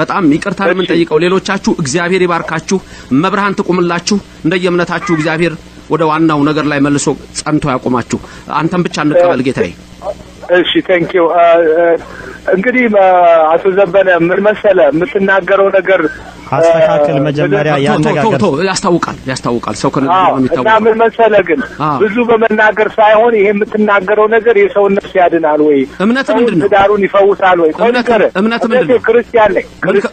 በጣም ይቅርታ ነው የምንጠይቀው። ሌሎቻችሁ እግዚአብሔር ይባርካችሁ፣ መብርሃን ትቁምላችሁ፣ እንደየእምነታችሁ እግዚአብሔር ወደ ዋናው ነገር ላይ መልሶ ጸንቶ ያቆማችሁ። አንተም ብቻ እንቀበል ጌታዬ። እሺ፣ ታንኪዩ እንግዲህ አቶ ዘበነ ምን መሰለ የምትናገረው ነገር አስተካከል መጀመሪያ ያነጋገር ያስታውቃል ያስታውቃል ሰው እና ምን መሰለ ግን ብዙ በመናገር ሳይሆን ይሄ የምትናገረው ነገር የሰውን ነፍስ ያድናል ወይ እምነት ምንድን ነው? ትዳሩን ይፈውሳል ወይ? እምነት እምነት ምንድን ነው? ክርስቲያን ነኝ።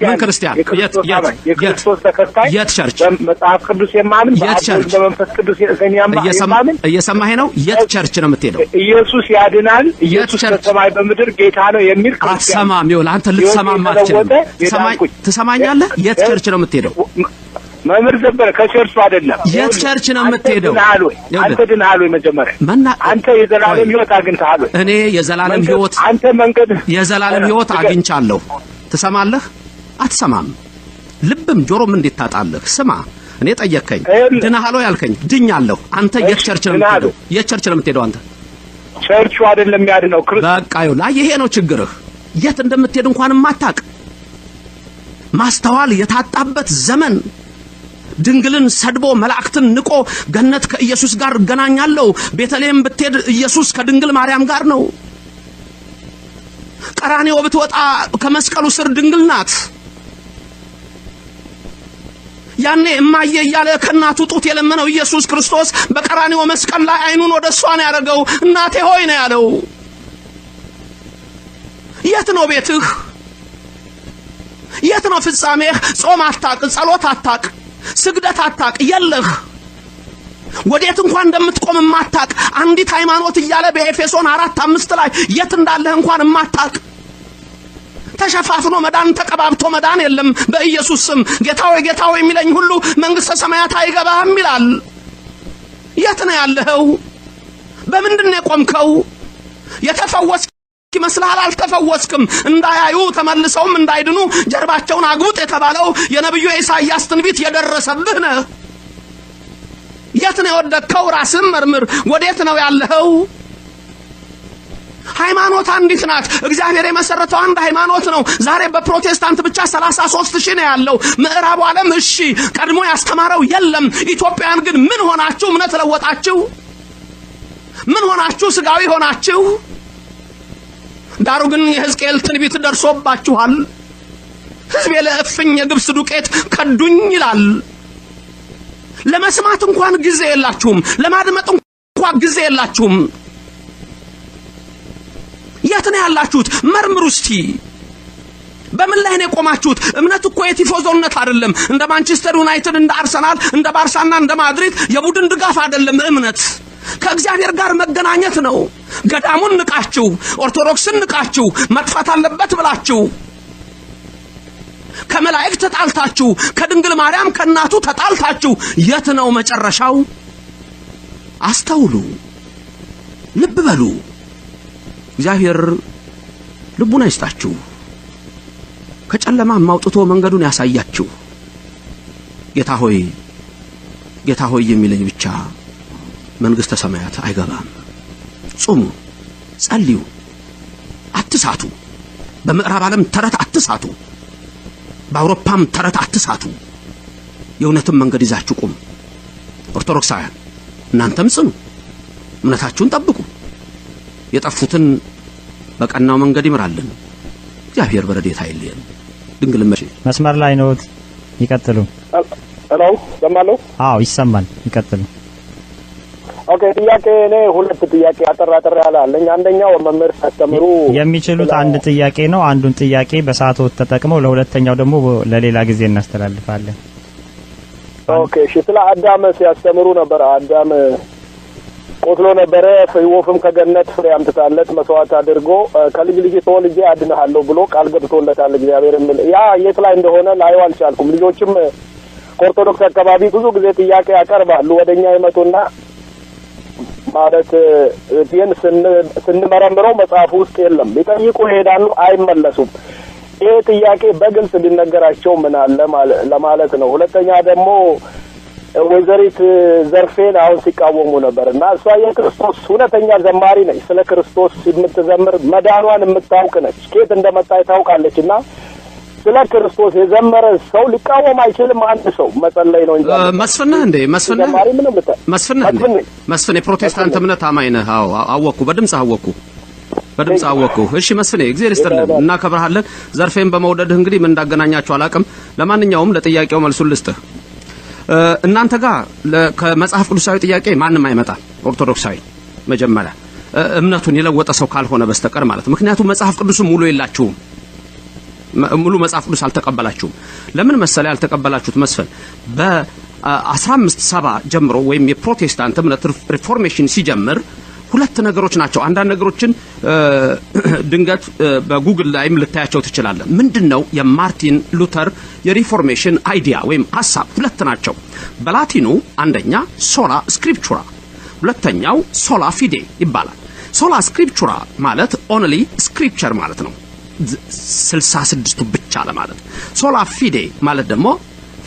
ምን ክርስቲያን የት የት የክርስቶስ ተከታይ የት ቸርች መጽሐፍ ቅዱስ የማምን የት ቸርች በመንፈስ ቅዱስ የማምን እየሰማህ ነው። የት ቸርች ነው የምትሄደው? ኢየሱስ ያድናል፣ ኢየሱስ በሰማይ በምድር ጌታ ነው የሚል አትሰማም። ይኸውልህ አንተ ልትሰማም አትችልም። ትሰማኛለህ? የት ቸርች ነው የምትሄደው? መምህር ዘበረ ከቸርቹ አይደለም። የት ቸርች ነው የምትሄደው? አንተ ድነሃል ወይ? መጀመሪያ አንተ የዘላለም ህይወት አግኝተሃል ወይ? እኔ የዘላለም ህይወት አንተ መንገድ የዘላለም ህይወት አግኝቻለሁ። ትሰማለህ? አትሰማም። ልብም ጆሮም እንዴት ታጣለህ? ስማ እኔ ጠየቅከኝ። ድነሃል ወይ አልከኝ። ድኛለሁ። አንተ የት ቸርች ነው የምትሄደው? የት ቸርች ነው የምትሄደው? አንተ ቸርቹ አይደለም ያድነው ክርስቶስ። በቃ ይኸውልህ፣ ይሄ ነው ችግርህ። የት እንደምትሄድ እንኳን ማታቅ ማስተዋል የታጣበት ዘመን ድንግልን ሰድቦ መላእክትን ንቆ ገነት ከኢየሱስ ጋር እገናኛለሁ፣ ቤተልሔም ብትሄድ ኢየሱስ ከድንግል ማርያም ጋር ነው፣ ቀራኔው ብትወጣ ከመስቀሉ ስር ድንግል ናት። ያኔ እማዬ እያለ ከእናቱ ጡት የለመነው ኢየሱስ ክርስቶስ በቀራኔው መስቀል ላይ አይኑን ወደ እሷ ነው ያደረገው። እናቴ ሆይ ነው ያለው። የት ነው ቤትህ? የት ነው ፍጻሜህ? ጾም አታቅ፣ ጸሎት አታቅ፣ ስግደት አታቅ፣ የለህ ወዴት እንኳን እንደምትቆም የማታቅ አንዲት ሃይማኖት እያለ በኤፌሶን አራት አምስት ላይ የት እንዳለህ እንኳን የማታቅ ተሸፋፍኖ መዳን ተቀባብቶ መዳን የለም። በኢየሱስ ስም ጌታ ሆይ ጌታ የሚለኝ ሁሉ መንግሥተ ሰማያት አይገባህም ይላል። የት ነው ያለኸው? በምንድን ነው የቆምከው? የተፈወስ ይመስልሃል? አልተፈወስክም። እንዳያዩ ተመልሰውም እንዳይድኑ ጀርባቸውን አግቡጥ የተባለው የነቢዩ ኢሳይያስ ትንቢት የደረሰብህ ነህ። የት ነው የወደቅከው? ራስም መርምር። ወዴት ነው ያለኸው? ሃይማኖት አንዲት ናት። እግዚአብሔር የመሰረተው አንድ ሃይማኖት ነው። ዛሬ በፕሮቴስታንት ብቻ 33 ሺህ ነው ያለው። ምዕራቡ ዓለም እሺ ቀድሞ ያስተማረው የለም። ኢትዮጵያውያን ግን ምን ሆናችሁ? እምነት ለወጣችሁ? ምን ሆናችሁ? ስጋዊ ሆናችሁ? ዳሩ ግን የሕዝቅኤል ትንቢት ደርሶባችኋል። ሕዝቤ ለእፍኝ የግብስ ዱቄት ከዱኝ ይላል። ለመስማት እንኳን ጊዜ የላችሁም። ለማድመጥ እንኳን ጊዜ የላችሁም። የት ነው ያላችሁት? መርምሩ እስቲ። በምን ላይ ነው የቆማችሁት? እምነት እኮ የቲፎዞነት አይደለም። እንደ ማንቸስተር ዩናይትድ፣ እንደ አርሰናል፣ እንደ ባርሳና እንደ ማድሪድ የቡድን ድጋፍ አይደለም። እምነት ከእግዚአብሔር ጋር መገናኘት ነው። ገዳሙን ንቃችሁ፣ ኦርቶዶክስን ንቃችሁ፣ መጥፋት አለበት ብላችሁ ከመላእክት ተጣልታችሁ፣ ከድንግል ማርያም ከእናቱ ተጣልታችሁ የት ነው መጨረሻው? አስተውሉ፣ ልብ በሉ። እግዚአብሔር ልቡን አይስጣችሁ፣ ከጨለማም አውጥቶ መንገዱን ያሳያችሁ። ጌታ ሆይ ጌታ ሆይ የሚለኝ ብቻ መንግሥተ ሰማያት አይገባም። ጾሙ። ጸልዩ፣ አትሳቱ። በምዕራብ ዓለም ተረት አትሳቱ። በአውሮፓም ተረት አትሳቱ። የእውነትም መንገድ ይዛችሁ ቁሙ። ኦርቶዶክሳውያን እናንተም ጽኑ፣ እምነታችሁን ጠብቁ። የጠፉትን በቀናው መንገድ ይምራልን። እግዚአብሔር በረድኤቱ አይልየን። ድንግል መስመር ላይ ነዎት። ይቀጥሉ። ሄሎ፣ ይሰማል። ይቀጥሉ። ኦኬ ጥያቄ እኔ ሁለት ጥያቄ አጠር አጠር ያለ አለኝ። አንደኛው መምህር ሲያስተምሩ የሚችሉት አንድ ጥያቄ ነው። አንዱን ጥያቄ በሰዓት ተጠቅመው ለሁለተኛው ደግሞ ለሌላ ጊዜ እናስተላልፋለን። ኦኬ እሺ። ስለ አዳም ሲያስተምሩ ነበር። አዳም ቆስሎ ነበረ። ወፍም ከገነት ፍሬ አምጥታለት መስዋዕት አድርጎ ከልጅ ልጅ ተወልጄ አድንሃለሁ ብሎ ቃል ገብቶለታል እግዚአብሔር የሚል ያ የት ላይ እንደሆነ ላየው አልቻልኩም። ልጆችም ከኦርቶዶክስ አካባቢ ብዙ ጊዜ ጥያቄ ያቀርባሉ። ወደ እኛ ይመጡና ማለት ይህን ስንመረምረው መጽሐፍ ውስጥ የለም። ሊጠይቁ ይሄዳሉ፣ አይመለሱም። ይህ ጥያቄ በግልጽ ሊነገራቸው ምን አለ ለማለት ነው። ሁለተኛ ደግሞ ወይዘሪት ዘርፌን አሁን ሲቃወሙ ነበር እና እሷ የክርስቶስ እውነተኛ ዘማሪ ነች። ስለ ክርስቶስ የምትዘምር መዳኗን የምታውቅ ነች። ኬት እንደመጣ ታውቃለች እና ስለ ክርስቶስ የዘመረ ሰው ሊቃወም አይችልም። አንድ ሰው መጸለይ ነው እንጂ መስፍንህ እንዴ መስፍንህ መስፍንህ እንዴ መስፍን የፕሮቴስታንት እምነት አማኝ ነህ? አዎ አወቅኩ፣ በድምፅ አወቅኩ በድምፅ አወቅኩ። እሺ መስፍኔ እግዚአብሔር ይስጥልን፣ እናከብርሃለን። ዘርፌን በመውደድህ እንግዲህ ምን እንዳገናኛችሁ አላቅም። ለማንኛውም ለጥያቄው መልሱ ልስጥህ። እናንተ ጋር ከመጽሐፍ ቅዱሳዊ ጥያቄ ማንም አይመጣም። ኦርቶዶክሳዊ መጀመሪያ እምነቱን የለወጠ ሰው ካልሆነ በስተቀር ማለት ምክንያቱም መጽሐፍ ቅዱስም ሙሉ የላችሁም። ሙሉ መጽሐፍ ቅዱስ አልተቀበላችሁም። ለምን መሰለ ያልተቀበላችሁት መስፈን በ1570 ጀምሮ ወይም የፕሮቴስታንት እምነት ሪፎርሜሽን ሲጀምር ሁለት ነገሮች ናቸው። አንዳንድ ነገሮችን ድንገት በጉግል ላይም ልታያቸው ትችላለህ። ምንድን ነው የማርቲን ሉተር የሪፎርሜሽን አይዲያ ወይም ሀሳብ? ሁለት ናቸው። በላቲኑ አንደኛ ሶላ ስክሪፕቹራ፣ ሁለተኛው ሶላ ፊዴ ይባላል። ሶላ ስክሪፕቹራ ማለት ኦንሊ ስክሪፕቸር ማለት ነው። ስልሳ ስድስቱ ብቻ ለማለት ነው። ሶላ ፊዴ ማለት ደግሞ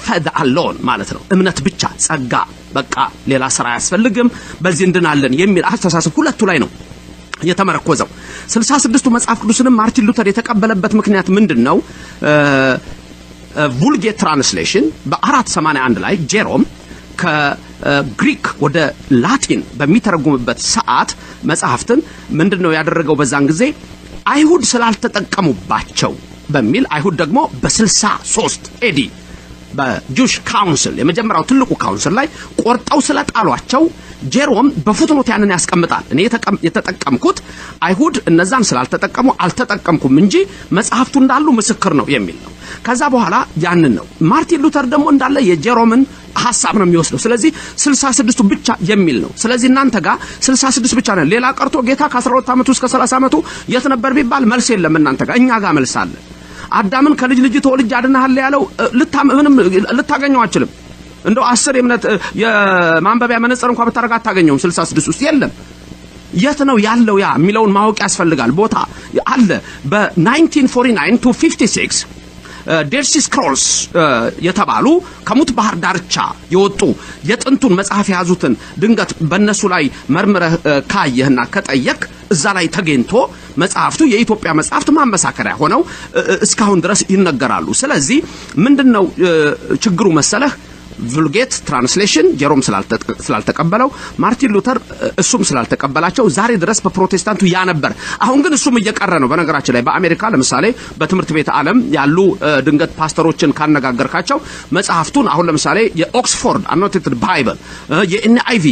ፈድ አለውን ማለት ነው። እምነት ብቻ ጸጋ፣ በቃ ሌላ ስራ አያስፈልግም፣ በዚህ እንድናለን የሚል አስተሳሰብ ሁለቱ ላይ ነው የተመረኮዘው። ስልሳ ስድስቱ መጽሐፍ ቅዱስንም ማርቲን ሉተር የተቀበለበት ምክንያት ምንድን ነው? ቡልጌት ትራንስሌሽን በ481 ላይ ጄሮም ከግሪክ ወደ ላቲን በሚተረጉምበት ሰዓት መጽሐፍትን ምንድን ነው ያደረገው በዛን ጊዜ አይሁድ ስላልተጠቀሙባቸው በሚል አይሁድ ደግሞ በ63 ኤዲ በጁሽ ካውንስል የመጀመሪያው ትልቁ ካውንስል ላይ ቆርጠው ስለጣሏቸው ጄሮም በፉትኖት ያንን ያስቀምጣል። እኔ የተጠቀምኩት አይሁድ እነዛን ስላልተጠቀሙ አልተጠቀምኩም እንጂ መጽሐፍቱ እንዳሉ ምስክር ነው የሚል ነው። ከዛ በኋላ ያንን ነው። ማርቲን ሉተር ደግሞ እንዳለ የጄሮምን ሀሳብ ነው የሚወስደው። ስለዚህ ስልሳ ስድስቱ ብቻ የሚል ነው። ስለዚህ እናንተ ጋር ስልሳ ስድስት ብቻ ነን። ሌላ ቀርቶ ጌታ ከአስራ ሁለት ዓመቱ እስከ ሰላሳ ዓመቱ የት ነበር ቢባል መልስ የለም። እናንተ ጋር እኛ ጋር መልስ አለ። አዳምን ከልጅ ልጅ ተወልጅ አድናሃል ያለው ምንም ልታገኘው አችልም። እንደው አስር የእምነት የማንበቢያ መነጽር እንኳ ብታደርግ አታገኘውም። ስልሳ ስድስት ውስጥ የለም። የት ነው ያለው ያ የሚለውን ማወቅ ያስፈልጋል። ቦታ አለ በ1949 ቱ 56 ዴርሲ ስክሮልስ የተባሉ ከሙት ባህር ዳርቻ የወጡ የጥንቱን መጽሐፍ የያዙትን ድንገት በእነሱ ላይ መርምረህ ካየህና ከጠየቅ እዛ ላይ ተገኝቶ መጽሐፍቱ የኢትዮጵያ መጽሐፍት ማመሳከሪያ ሆነው እስካሁን ድረስ ይነገራሉ። ስለዚህ ምንድን ነው ችግሩ መሰለህ? ቭልጌት ትራንስሌሽን ጀሮም ስላልተቀበለው ማርቲን ሉተር እሱም ስላልተቀበላቸው ዛሬ ድረስ በፕሮቴስታንቱ ያ ነበር። አሁን ግን እሱም እየቀረ ነው። በነገራችን ላይ በአሜሪካ ለምሳሌ በትምህርት ቤት ዓለም ያሉ ድንገት ፓስተሮችን ካነጋገርካቸው መጽሐፍቱን አሁን ለምሳሌ የኦክስፎርድ አኖቴትድ ባይብል የኤንአይቪ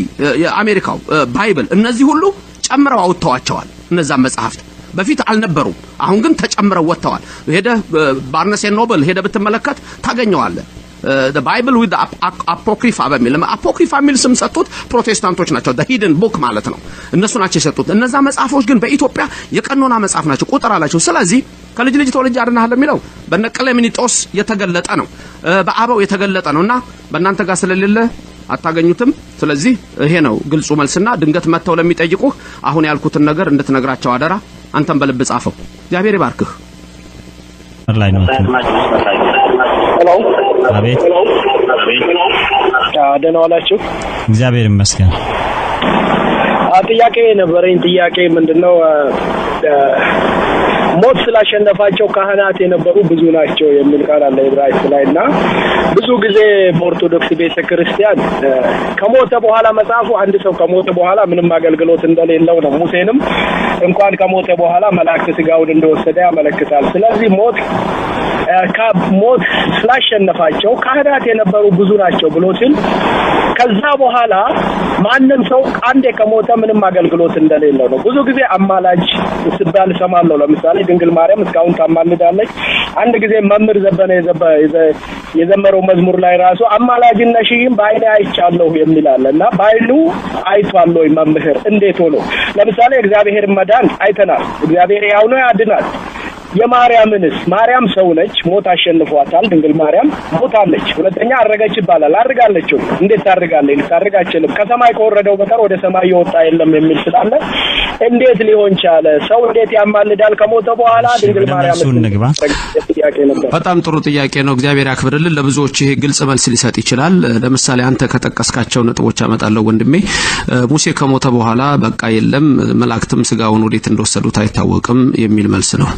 የአሜሪካው ባይብል እነዚህ ሁሉ ጨምረው አውጥተዋቸዋል። እነዛን መጽሐፍት በፊት አልነበሩም። አሁን ግን ተጨምረው ወጥተዋል። ሄደ ባርነሴ ኖብል ሄደ ብትመለከት ታገኘዋለ። Eh, the bible with the በሚል አፖክሪፋ የሚል ስም ሰጡት ፕሮቴስታንቶች ናቸው ሂድን ቡክ ማለት ነው እነሱ ናቸው የሰጡት እነዛ መጽሐፎች ግን በኢትዮጵያ የቀኖና መጽሐፍ ናቸው ቁጥር አላቸው ስለዚህ ከልጅ ልጅ ተወልጄ አድናለሁ የሚለው በነ የተገለጠ ነው በአበው የተገለጠ ነው እና በእናንተ ጋር ስለሌለ አታገኙትም ስለዚህ ይሄ ነው ግልጹ መልስና ድንገት መጥተው ለሚጠይቁህ አሁን ያልኩትን ነገር እንድትነግራቸው አደራ አንተም በልብ ጻፈው እግዚአብሔር ይባርክህ ላይ ነው አቤት ደህና ዋላችሁ? እግዚአብሔር ይመስገን። ጥያቄ ነበረኝ። ጥያቄ ምንድነው? ሞት ስላሸነፋቸው ካህናት የነበሩ ብዙ ናቸው የሚል ቃል አለ ዕብራይስጥ ላይ እና ብዙ ጊዜ በኦርቶዶክስ ቤተ ክርስቲያን ከሞተ በኋላ መጽሐፉ አንድ ሰው ከሞተ በኋላ ምንም አገልግሎት እንደሌለው ነው። ሙሴንም እንኳን ከሞተ በኋላ መላእክት ስጋውን እንደወሰደ ያመለክታል። ስለዚህ ሞት ሞት ስላሸነፋቸው ካህናት የነበሩ ብዙ ናቸው ብሎ ሲል ከዛ በኋላ ማንም ሰው አንዴ ከሞተ ምንም አገልግሎት እንደሌለው ነው። ብዙ ጊዜ አማላጅ ስባል ሰማለሁ። ለምሳሌ ድንግል ማርያም እስካሁን ታማልዳለች። አንድ ጊዜ መምህር ዘበነ የዘመረው መዝሙር ላይ ራሱ አማላጅነሽን በዓይኔ አይቻለሁ የሚል አለ እና በዓይኑ አይቷል ወይ መምህር? እንዴት ሆኖ ለምሳሌ እግዚአብሔር መዳን አይተናል። እግዚአብሔር ያው ነው፣ ያድናል የማርያምንስ ማርያም ሰው ነች፣ ሞት አሸንፏታል። ድንግል ማርያም ሞታለች። ሁለተኛ አረገች ይባላል። አድርጋለችው። እንዴት ታድርጋለች? ልታድርግ አችልም። ከሰማይ ከወረደው በቀር ወደ ሰማይ የወጣ የለም የሚል ስላለ እንዴት ሊሆን ቻለ? ሰው እንዴት ያማልዳል? ከሞተ በኋላ ድንግል ማርያም ንግባ በጣም ጥሩ ጥያቄ ነው። እግዚአብሔር ያክብርልን። ለብዙዎች ይሄ ግልጽ መልስ ሊሰጥ ይችላል። ለምሳሌ አንተ ከጠቀስካቸው ነጥቦች አመጣለሁ ወንድሜ። ሙሴ ከሞተ በኋላ በቃ የለም መላእክትም ስጋውን ወዴት እንደወሰዱት አይታወቅም የሚል መልስ ነው።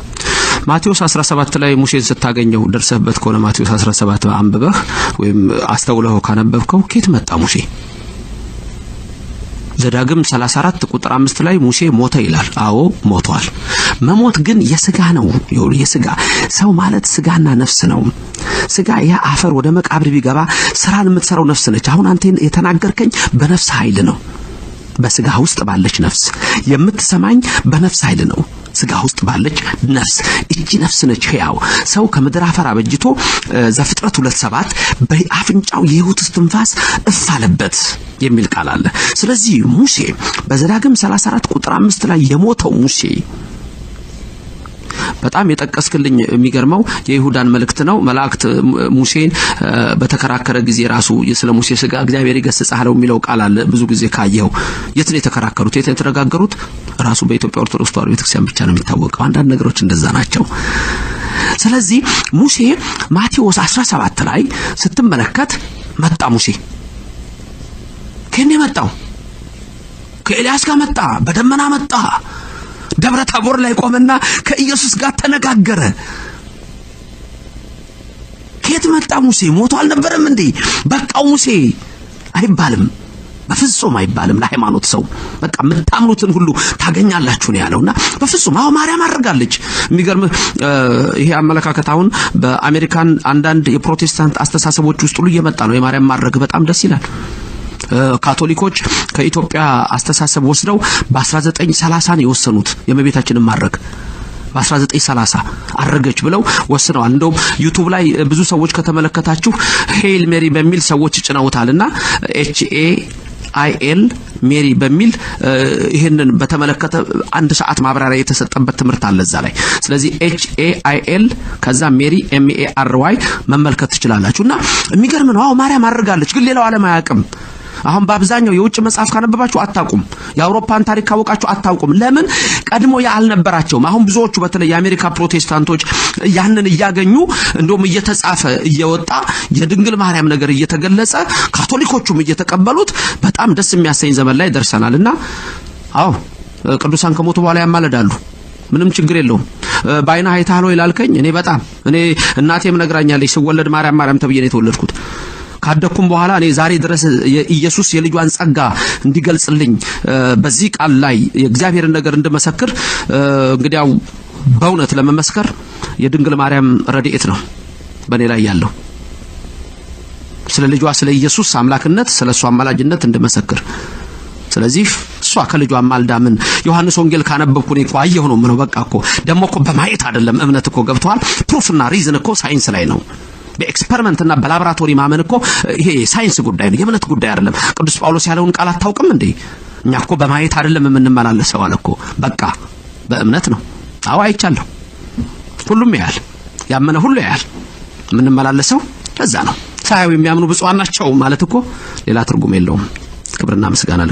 ማቴዎስ 17 ላይ ሙሴን ስታገኘው ደርሰህበት ከሆነ ማቴዎስ 17 አንብበህ ወይም አስተውለኸው ካነበብከው ኬት መጣ ሙሴ? ዘዳግም 34 ቁጥር 5 ላይ ሙሴ ሞተ ይላል። አዎ ሞቷል። መሞት ግን የስጋ ነው። የስጋ ሰው ማለት ስጋና ነፍስ ነው። ስጋ ያ አፈር ወደ መቃብር ቢገባ ስራን የምትሰራው ነፍስ ነች። አሁን አንተ የተናገርከኝ በነፍስ ኃይል ነው። በስጋ ውስጥ ባለች ነፍስ የምትሰማኝ በነፍስ ኃይል ነው። ስጋ ውስጥ ባለች ነፍስ እቺ ነፍስ ነች ሕያው። ሰው ከምድር አፈር አበጅቶ ዘፍጥረት ሁለት ሰባት በአፍንጫው የሕይወት እስትንፋስ እፍ አለበት የሚል ቃል አለ። ስለዚህ ሙሴ በዘዳግም 34 ቁጥር አምስት ላይ የሞተው ሙሴ በጣም የጠቀስክልኝ የሚገርመው የይሁዳን መልእክት ነው። መላእክት ሙሴን በተከራከረ ጊዜ ራሱ ስለ ሙሴ ስጋ እግዚአብሔር ይገስጻለው የሚለው ቃል አለ። ብዙ ጊዜ ካየው የት ነው የተከራከሩት? የት ነው የተነጋገሩት? ራሱ በኢትዮጵያ ኦርቶዶክስ ተዋሕዶ ቤተክርስቲያን ብቻ ነው የሚታወቀው። አንዳንድ ነገሮች እንደዛ ናቸው። ስለዚህ ሙሴ ማቴዎስ 17 ላይ ስትመለከት መጣ ሙሴ ከኔ መጣው ከኤልያስ ጋር መጣ፣ በደመና መጣ ደብረ ታቦር ላይ ቆመና ከኢየሱስ ጋር ተነጋገረ። ከየት መጣ ሙሴ? ሞቶ አልነበረም እንዴ? በቃው ሙሴ አይባልም፣ በፍጹም አይባልም። ለሃይማኖት ሰው በቃ የምታምኑትን ሁሉ ታገኛላችሁ ነው ያለውና በፍጹም አዎ፣ ማርያም አድርጋለች። የሚገርም ይሄ አመለካከት አሁን በአሜሪካን አንዳንድ የፕሮቴስታንት አስተሳሰቦች ውስጥ ሁሉ እየመጣ ነው። የማርያም ማድረግ በጣም ደስ ይላል። ካቶሊኮች ከኢትዮጵያ አስተሳሰብ ወስደው በ1930 ነው የወሰኑት የእመቤታችንን ማድረግ በ1930 አረገች ብለው ወስነዋል። እንደውም ዩቱብ ላይ ብዙ ሰዎች ከተመለከታችሁ ሄይል ሜሪ በሚል ሰዎች ጭነውታልና ኤች ኤ አይኤል ሜሪ በሚል ይህንን በተመለከተ አንድ ሰዓት ማብራሪያ የተሰጠበት ትምህርት አለ እዛ ላይ። ስለዚህ ኤች ኤ አይ ኤል ከዛ ሜሪ ኤም ኤ አር ዋይ መመልከት ትችላላችሁ። እና የሚገርም ነው። አዎ ማርያም አድርጋለች፣ ግን ሌላው ዓለም አያውቅም። አሁን በአብዛኛው የውጭ መጽሐፍ ካነበባችሁ አታውቁም። የአውሮፓን ታሪክ ካወቃችሁ አታውቁም። ለምን ቀድሞ ያ አልነበራቸውም። አሁን ብዙዎቹ በተለይ የአሜሪካ ፕሮቴስታንቶች ያንን እያገኙ እንደውም እየተጻፈ እየወጣ የድንግል ማርያም ነገር እየተገለጸ ካቶሊኮቹም እየተቀበሉት በጣም ደስ የሚያሰኝ ዘመን ላይ ደርሰናል እና አዎ ቅዱሳን ከሞቱ በኋላ ያማለዳሉ። ምንም ችግር የለውም። በአይና አይተሃል ይላልከኝ እኔ በጣም እኔ እናቴም ነግራኛለች ስወለድ ማርያም ማርያም ተብዬ ነው የተወለድኩት። ካደኩም በኋላ እኔ ዛሬ ድረስ ኢየሱስ የልጇን ጸጋ እንዲገልጽልኝ በዚህ ቃል ላይ የእግዚአብሔርን ነገር እንድመሰክር እንግዲያው በእውነት ለመመስከር የድንግል ማርያም ረድኤት ነው በእኔ ላይ ያለው ስለ ልጇ ስለ ኢየሱስ አምላክነት ስለ እሷ አማላጅነት እንድመሰክር ስለዚህ እሷ ከልጇ ማልዳምን ዮሐንስ ወንጌል ካነበብኩ እኔ እኮ አየሁ ነው ምነው በቃ እኮ ደግሞ እኮ በማየት አይደለም እምነት እኮ ገብተዋል ፕሩፍና ሪዝን እኮ ሳይንስ ላይ ነው በኤክስፐሪመንትና በላብራቶሪ ማመን እኮ ይሄ ሳይንስ ጉዳይ ነው፣ የእምነት ጉዳይ አይደለም። ቅዱስ ጳውሎስ ያለውን ቃል አታውቅም እንዴ? እኛ እኮ በማየት አይደለም የምንመላለሰው አለ እኮ። በቃ በእምነት ነው። አዎ አይቻለሁ። ሁሉም ያያል፣ ያመነ ሁሉ ያያል። የምንመላለሰው እዛ ነው። ሳያዩ የሚያምኑ ብፁዓን ናቸው ማለት እኮ ሌላ ትርጉም የለውም። ክብርና ምስጋና